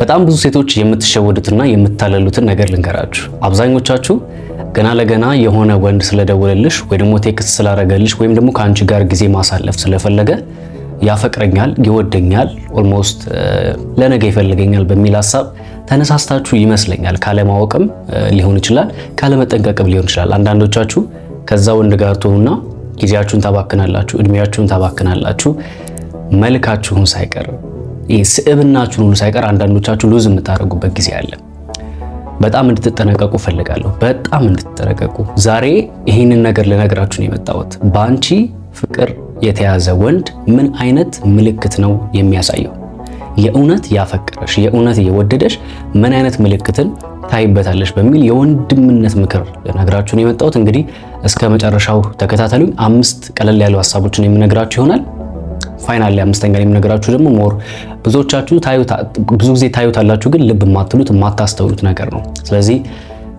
በጣም ብዙ ሴቶች የምትሸወዱትና የምታለሉትን ነገር ልንገራችሁ። አብዛኞቻችሁ ገና ለገና የሆነ ወንድ ስለደወለልሽ ወይ ደግሞ ቴክስት ስላረገልሽ ወይም ደግሞ ከአንቺ ጋር ጊዜ ማሳለፍ ስለፈለገ ያፈቅረኛል፣ ይወደኛል፣ ኦልሞስት ለነገ ይፈልገኛል በሚል ሀሳብ ተነሳስታችሁ ይመስለኛል። ካለማወቅም ሊሆን ይችላል፣ ካለመጠንቀቅም ሊሆን ይችላል። አንዳንዶቻችሁ ከዛ ወንድ ጋር ትሆኑና ጊዜያችሁን ታባክናላችሁ፣ እድሜያችሁን ታባክናላችሁ፣ መልካችሁን ሳይቀርብ ይሄ ሁሉ ሳይቀር አንዳንዶቻችሁ ሉዝ የምታደርጉበት ጊዜ አለ። በጣም እንድትጠነቀቁ ፈልጋለሁ በጣም እንድትጠነቀቁ ዛሬ ይህንን ነገር ልነግራችሁ ነው የመጣሁት። በአንቺ ፍቅር የተያዘ ወንድ ምን አይነት ምልክት ነው የሚያሳየው? የእውነት ያፈቀረሽ የእውነት የወደደሽ ምን አይነት ምልክትን ታይበታለሽ በሚል የወንድምነት ምክር ልነግራችሁ ነው የመጣሁት። እንግዲህ እስከ መጨረሻው ተከታተሉኝ። አምስት ቀለል ያሉ ሀሳቦችን የምነግራችሁ ይሆናል። ፋይናል ላይ አምስተኛ ላይ የምነግራችሁ ደግሞ ሞር ብዙዎቻችሁ ብዙ ጊዜ ታዩታላችሁ፣ ግን ልብ የማትሉት የማታስተውሉት ነገር ነው። ስለዚህ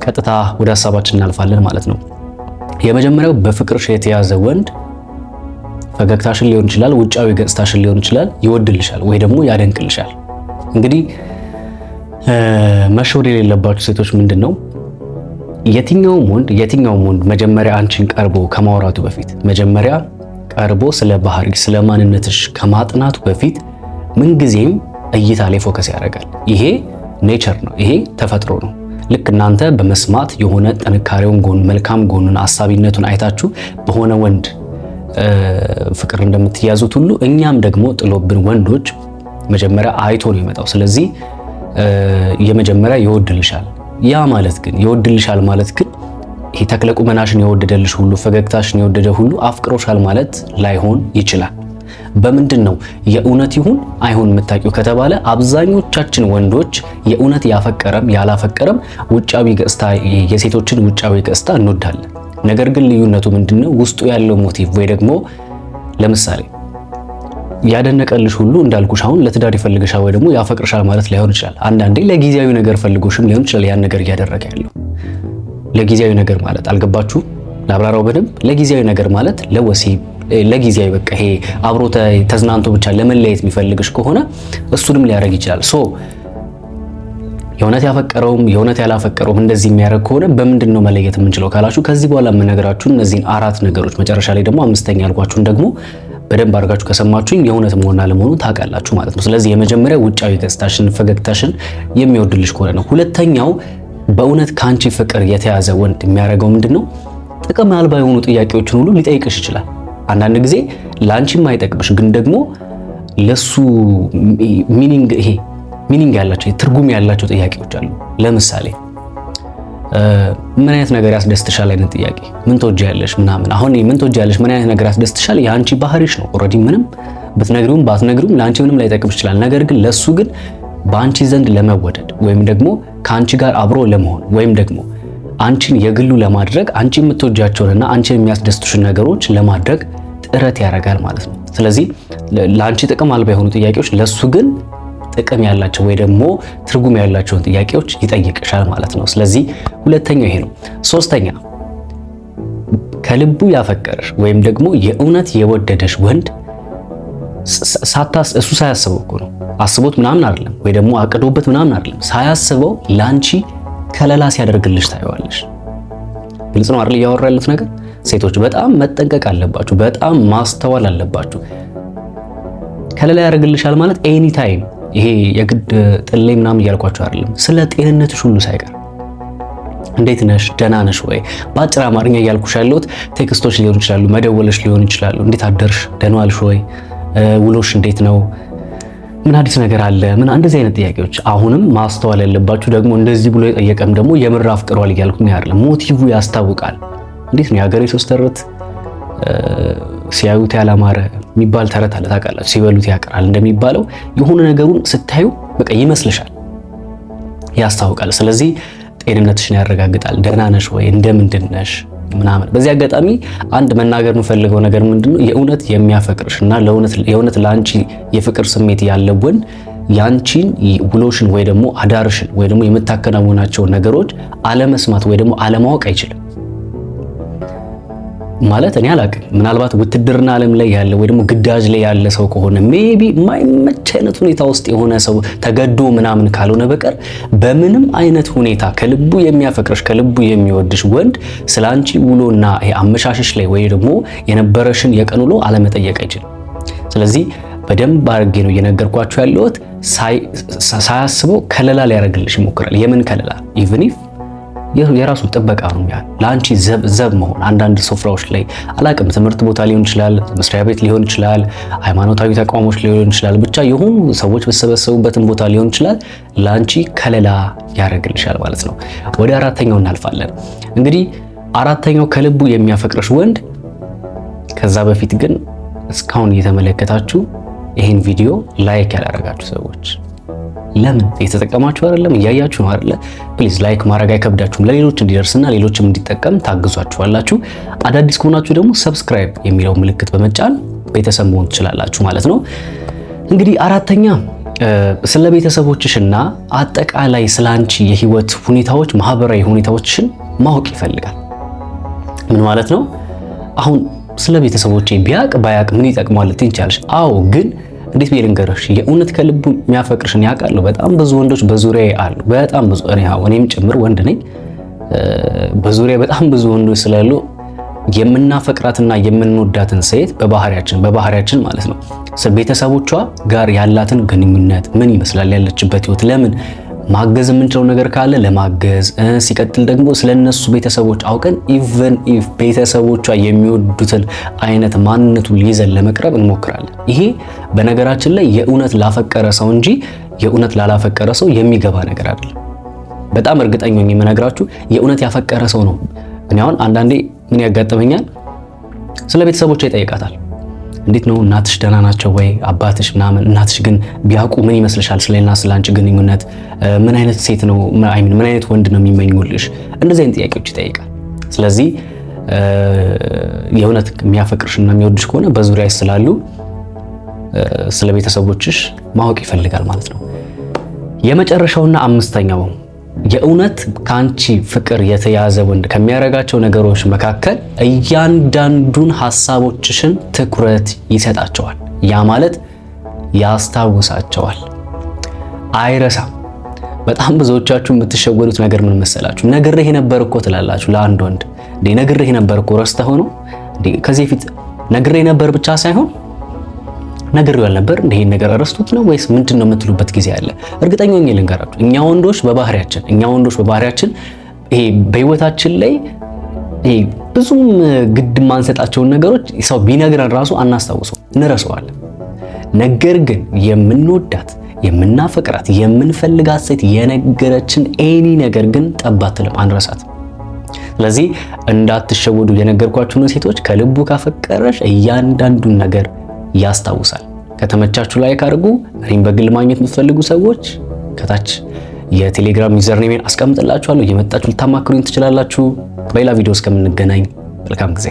ቀጥታ ወደ ሀሳባችን እናልፋለን ማለት ነው። የመጀመሪያው በፍቅርሽ የተያዘ ወንድ ፈገግታሽን ሊሆን ይችላል፣ ውጫዊ ገጽታሽን ሊሆን ይችላል፣ ይወድልሻል ወይ ደግሞ ያደንቅልሻል። እንግዲህ መሸወድ የሌለባችሁ ሴቶች ምንድን ነው የትኛውም ወንድ የትኛውም ወንድ መጀመሪያ አንቺን ቀርቦ ከማውራቱ በፊት መጀመሪያ ቀርቦ ስለ ባህሪ ስለ ማንነትሽ ከማጥናቱ በፊት ምንጊዜም እይታ ላይ ፎከስ ያደርጋል። ይሄ ኔቸር ነው፣ ይሄ ተፈጥሮ ነው። ልክ እናንተ በመስማት የሆነ ጥንካሬውን ጎን መልካም ጎኑን አሳቢነቱን አይታችሁ በሆነ ወንድ ፍቅር እንደምትያዙት ሁሉ እኛም ደግሞ ጥሎብን ወንዶች መጀመሪያ አይቶ ነው የመጣው። ስለዚህ የመጀመሪያ ይወድልሻል። ያ ማለት ግን ይወድልሻል ማለት ግን ይህ ተክለ ቁመናሽን የወደደልሽ ሁሉ ፈገግታሽን የወደደ ሁሉ አፍቅሮሻል ማለት ላይሆን ይችላል። በምንድን ነው የእውነት ይሁን አይሁን የምታውቂው ከተባለ አብዛኞቻችን ወንዶች የእውነት ያፈቀረም ያላፈቀረም ውጫዊ ገጽታ የሴቶችን ውጫዊ ገጽታ እንወዳለን። ነገር ግን ልዩነቱ ምንድነው? ውስጡ ያለው ሞቲቭ ወይ ደግሞ ለምሳሌ ያደነቀልሽ ሁሉ እንዳልኩሽ አሁን ለትዳር ይፈልግሻል ወይ ደግሞ ያፈቅርሻል ማለት ላይሆን ይችላል። አንዳንዴ ለጊዜያዊ ነገር ፈልጎሽም ሊሆን ይችላል ያን ነገር እያደረገ ያለው ለጊዜያዊ ነገር ማለት አልገባችሁ? ለአብራራው በደንብ ለጊዜያዊ ነገር ማለት ለወሲብ ለጊዜያዊ በቃ ይሄ አብሮ ተዝናንቶ ብቻ ለመለየት የሚፈልግሽ ከሆነ እሱንም ሊያደርግ ይችላል። ሶ የእውነት ያፈቀረውም የእውነት ያላፈቀረውም እንደዚህ የሚያደርግ ከሆነ በምንድን ነው መለየት የምንችለው ካላችሁ ከዚህ በኋላ የምነግራችሁን እነዚህን አራት ነገሮች መጨረሻ ላይ ደግሞ አምስተኛ ያልኳችሁን ደግሞ በደንብ አድርጋችሁ ከሰማችሁኝ የእውነት መሆንና ለመሆኑ ታውቃላችሁ ማለት ነው። ስለዚህ የመጀመሪያ ውጫዊ ገጽታሽን ፈገግታሽን የሚወድልሽ ከሆነ ነው። ሁለተኛው በእውነት ከአንቺ ፍቅር የተያዘ ወንድ የሚያደርገው ምንድን ነው? ጥቅም አልባ የሆኑ ጥያቄዎችን ሁሉ ሊጠይቅሽ ይችላል። አንዳንድ ጊዜ ለአንቺ የማይጠቅምሽ ግን ደግሞ ለሱ ሚኒንግ ይሄ ሚኒንግ ያላቸው ትርጉም ያላቸው ጥያቄዎች አሉ። ለምሳሌ ምን አይነት ነገር ያስደስትሻል አይነት ጥያቄ፣ ምን ትወጃለሽ ምናምን። አሁን ምን ትወጃለሽ፣ ምን አይነት ነገር ያስደስትሻል የአንቺ ባህሪሽ ነው። ኦልሬዲ ምንም ብትነግሪውም ባትነግሪውም ለአንቺ ምንም ላይጠቅምሽ ይችላል። ነገር ግን ለሱ ግን በአንቺ ዘንድ ለመወደድ ወይም ደግሞ ከአንቺ ጋር አብሮ ለመሆን ወይም ደግሞ አንቺን የግሉ ለማድረግ አንቺ የምትወጃቸውንና አንቺን የሚያስደስቱሽን ነገሮች ለማድረግ ጥረት ያደርጋል ማለት ነው። ስለዚህ ለአንቺ ጥቅም አልባ የሆኑ ጥያቄዎች ለሱ ግን ጥቅም ያላቸው ወይ ደግሞ ትርጉም ያላቸውን ጥያቄዎች ይጠይቅሻል ማለት ነው። ስለዚህ ሁለተኛው ይሄ ነው። ሶስተኛ ከልቡ ያፈቀረሽ ወይም ደግሞ የእውነት የወደደሽ ወንድ እሱ ሳያስበው እኮ ነው። አስቦት ምናምን አይደለም፣ ወይ ደግሞ አቅዶበት ምናምን አይደለም። ሳያስበው ላንቺ ከለላ ሲያደርግልሽ ታየዋለሽ። ግልጽ ነው አይደል? እያወራ ያለት ነገር ሴቶች በጣም መጠንቀቅ አለባችሁ፣ በጣም ማስተዋል አለባችሁ። ከለላ ያደርግልሻል ማለት ኤኒ ታይም ይሄ የግድ ጥሌ ምናምን እያልኳቸው አይደለም። ስለ ጤንነትሽ ሁሉ ሳይቀር እንዴት ነሽ? ደህና ነሽ ወይ? በአጭር አማርኛ እያልኩሽ ያለሁት ቴክስቶች ሊሆን ይችላሉ፣ መደወለሽ ሊሆን ይችላሉ። እንዴት አደርሽ? ደህና ዋልሽ ወይ? ውሎሽ እንዴት ነው? ምን አዲስ ነገር አለ? ምን እንደዚህ አይነት ጥያቄዎች አሁንም ማስተዋል ያለባችሁ ደግሞ እንደዚህ ብሎ የጠየቀም ደግሞ የምር አፍቅሯል እያልኩኝ አይደለም። ሞቲቭ ያስታውቃል። እንዴት ነው የሀገሬ ሶስት ተረት ሲያዩት ያላማረ የሚባል ተረት አለ ታውቃላችሁ። ሲበሉት ያቀራል እንደሚባለው የሆነ ነገሩን ስታዩ በቃ ይመስልሻል፣ ያስታውቃል። ስለዚህ ጤንነትሽን ያረጋግጣል። ደህና ነሽ ወይ? እንደምንድን ነሽ? ምናምን። በዚህ አጋጣሚ አንድ መናገር የምፈልገው ነገር ምንድነው፣ የእውነት የሚያፈቅርሽ እና የእውነት ለአንቺ የፍቅር ስሜት ያለው ወንድ ያንቺን ውሎሽን ወይ ደግሞ አዳርሽን ወይ ደግሞ የምታከናውናቸውን ነገሮች አለመስማት ወይ ደግሞ አለማወቅ አይችልም። ማለት እኔ አላቅም። ምናልባት ውትድርና ዓለም ላይ ያለ ወይ ደግሞ ግዳጅ ላይ ያለ ሰው ከሆነ ሜቢ የማይመች አይነት ሁኔታ ውስጥ የሆነ ሰው ተገዶ ምናምን ካልሆነ በቀር በምንም አይነት ሁኔታ ከልቡ የሚያፈቅርሽ ከልቡ የሚወድሽ ወንድ ስለ አንቺ ውሎና አመሻሽሽ ላይ ወይ ደግሞ የነበረሽን የቀን ውሎ አለመጠየቅ አይችልም። ስለዚህ በደንብ አድርጌ ነው እየነገርኳቸው ያለሁት። ሳያስበው ከለላ ሊያደርግልሽ ይሞክራል። የምን ከለላ ኢቭን ኢፍ የራሱ ጥበቃ ነው። ያ ለአንቺ ዘብ ዘብ መሆን አንዳንድ ስፍራዎች ላይ አላቅም፣ ትምህርት ቦታ ሊሆን ይችላል፣ መስሪያ ቤት ሊሆን ይችላል፣ ሃይማኖታዊ ተቋሞች ሊሆን ይችላል፣ ብቻ የሆኑ ሰዎች በተሰበሰቡበትን ቦታ ሊሆን ይችላል። ለአንቺ ከለላ ያደርግልሻል ማለት ነው። ወደ አራተኛው እናልፋለን። እንግዲህ አራተኛው ከልቡ የሚያፈቅረሽ ወንድ። ከዛ በፊት ግን እስካሁን እየተመለከታችሁ ይህን ቪዲዮ ላይክ ያላረጋችሁ ሰዎች ለምን እየተጠቀማችሁ አይደለም? እያያችሁ አይደለ? ፕሊዝ ላይክ ማድረግ አይከብዳችሁም። ለሌሎች እንዲደርስና ሌሎችም እንዲጠቀም ታግዟችኋላችሁ። አዳዲስ ከሆናችሁ ደግሞ ሰብስክራይብ የሚለው ምልክት በመጫን ቤተሰብ መሆን ትችላላችሁ ማለት ነው። እንግዲህ አራተኛ ስለ ቤተሰቦችሽና አጠቃላይ ስለ አንቺ የህይወት ሁኔታዎች ማህበራዊ ሁኔታዎችሽን ማወቅ ይፈልጋል። ምን ማለት ነው? አሁን ስለ ቤተሰቦቼ ቢያቅ ባያቅ ምን ይጠቅማል ትንቻለሽ? አዎ ግን እንዴት ብዬ ልንገርሽ፣ የእውነት ከልቡ የሚያፈቅርሽን ያውቃሉ። በጣም ብዙ ወንዶች በዙሪያ አሉ። በጣም ብዙ እኔም ጭምር ወንድ ነኝ። በዙሪያ በጣም ብዙ ወንዶች ስላሉ የምናፈቅራትና የምንወዳትን ሴት በባህሪያችን በባህሪያችን ማለት ነው ቤተሰቦቿ ጋር ያላትን ግንኙነት ምን ይመስላል፣ ያለችበት ህይወት ለምን ማገዝ የምንችለው ነገር ካለ ለማገዝ፣ ሲቀጥል ደግሞ ስለነሱ ቤተሰቦች አውቀን ኢቨን ኢፍ ቤተሰቦቿ የሚወዱትን አይነት ማንነቱን ይዘን ለመቅረብ እንሞክራለን። ይሄ በነገራችን ላይ የእውነት ላፈቀረ ሰው እንጂ የእውነት ላላፈቀረ ሰው የሚገባ ነገር አይደለም። በጣም እርግጠኛ የምነግራችሁ የእውነት ያፈቀረ ሰው ነው። እኔ አሁን አንዳንዴ ምን ያጋጥመኛል፣ ስለ ቤተሰቦቿ ይጠይቃታል እንዴት ነው እናትሽ ደህና ናቸው ወይ አባትሽ ምናምን እናትሽ ግን ቢያውቁ ምን ይመስልሻል ስለና ስለ አንቺ ግንኙነት ምን አይነት ሴት ነው አይሚን ምን አይነት ወንድ ነው የሚመኙልሽ እንደዚህ አይነት ጥያቄዎች ይጠይቃል ስለዚህ የእውነት የሚያፈቅርሽና የሚወድሽ ከሆነ በዙሪያ ስላሉ ስለ ቤተሰቦችሽ ማወቅ ይፈልጋል ማለት ነው የመጨረሻውና አምስተኛው የእውነት ከአንቺ ፍቅር የተያዘ ወንድ ከሚያደርጋቸው ነገሮች መካከል እያንዳንዱን ሐሳቦችሽን ትኩረት ይሰጣቸዋል። ያ ማለት ያስታውሳቸዋል፣ አይረሳም። በጣም ብዙዎቻችሁ የምትሸወዱት ነገር ምን መሰላችሁ? ነግሬህ ነበር እኮ ትላላችሁ ለአንድ ወንድ። እንዴ ነግሬህ ነበር እኮ ረስተኸው ሆኖ ከዚህ ፊት ነግሬህ ነበር ብቻ ሳይሆን ነግሬው ነበር ይሄን ነገር ረስቶት ነው ወይስ ምንድን ነው የምትሉበት ጊዜ አለ። እርግጠኛ ሆኜ ልንገራችሁ፣ እኛ ወንዶች በባህሪያችን እኛ ወንዶች በባህሪያችን ይሄ በህይወታችን ላይ ይሄ ብዙም ግድ ማንሰጣቸውን ነገሮች ሰው ቢነግረን ራሱ አናስታውሰው፣ እንረሳዋለን። ነገር ግን የምንወዳት የምናፈቅራት የምንፈልጋት ሴት የነገረችን ኤኒ ነገር ግን ጠብ አትልም፣ አንረሳት። ስለዚህ እንዳትሸወዱ የነገርኳችሁን ሴቶች ከልቡ ካፈቀረሽ እያንዳንዱን ነገር ያስታውሳል። ከተመቻችሁ ላይክ አድርጉ። እኔም በግል ማግኘት የምትፈልጉ ሰዎች ከታች የቴሌግራም ዩዘር ኔሜን አስቀምጥላችኋለሁ። እየመጣችሁ ልታማክሩኝ ትችላላችሁ። በሌላ ቪዲዮ እስከምንገናኝ መልካም ጊዜ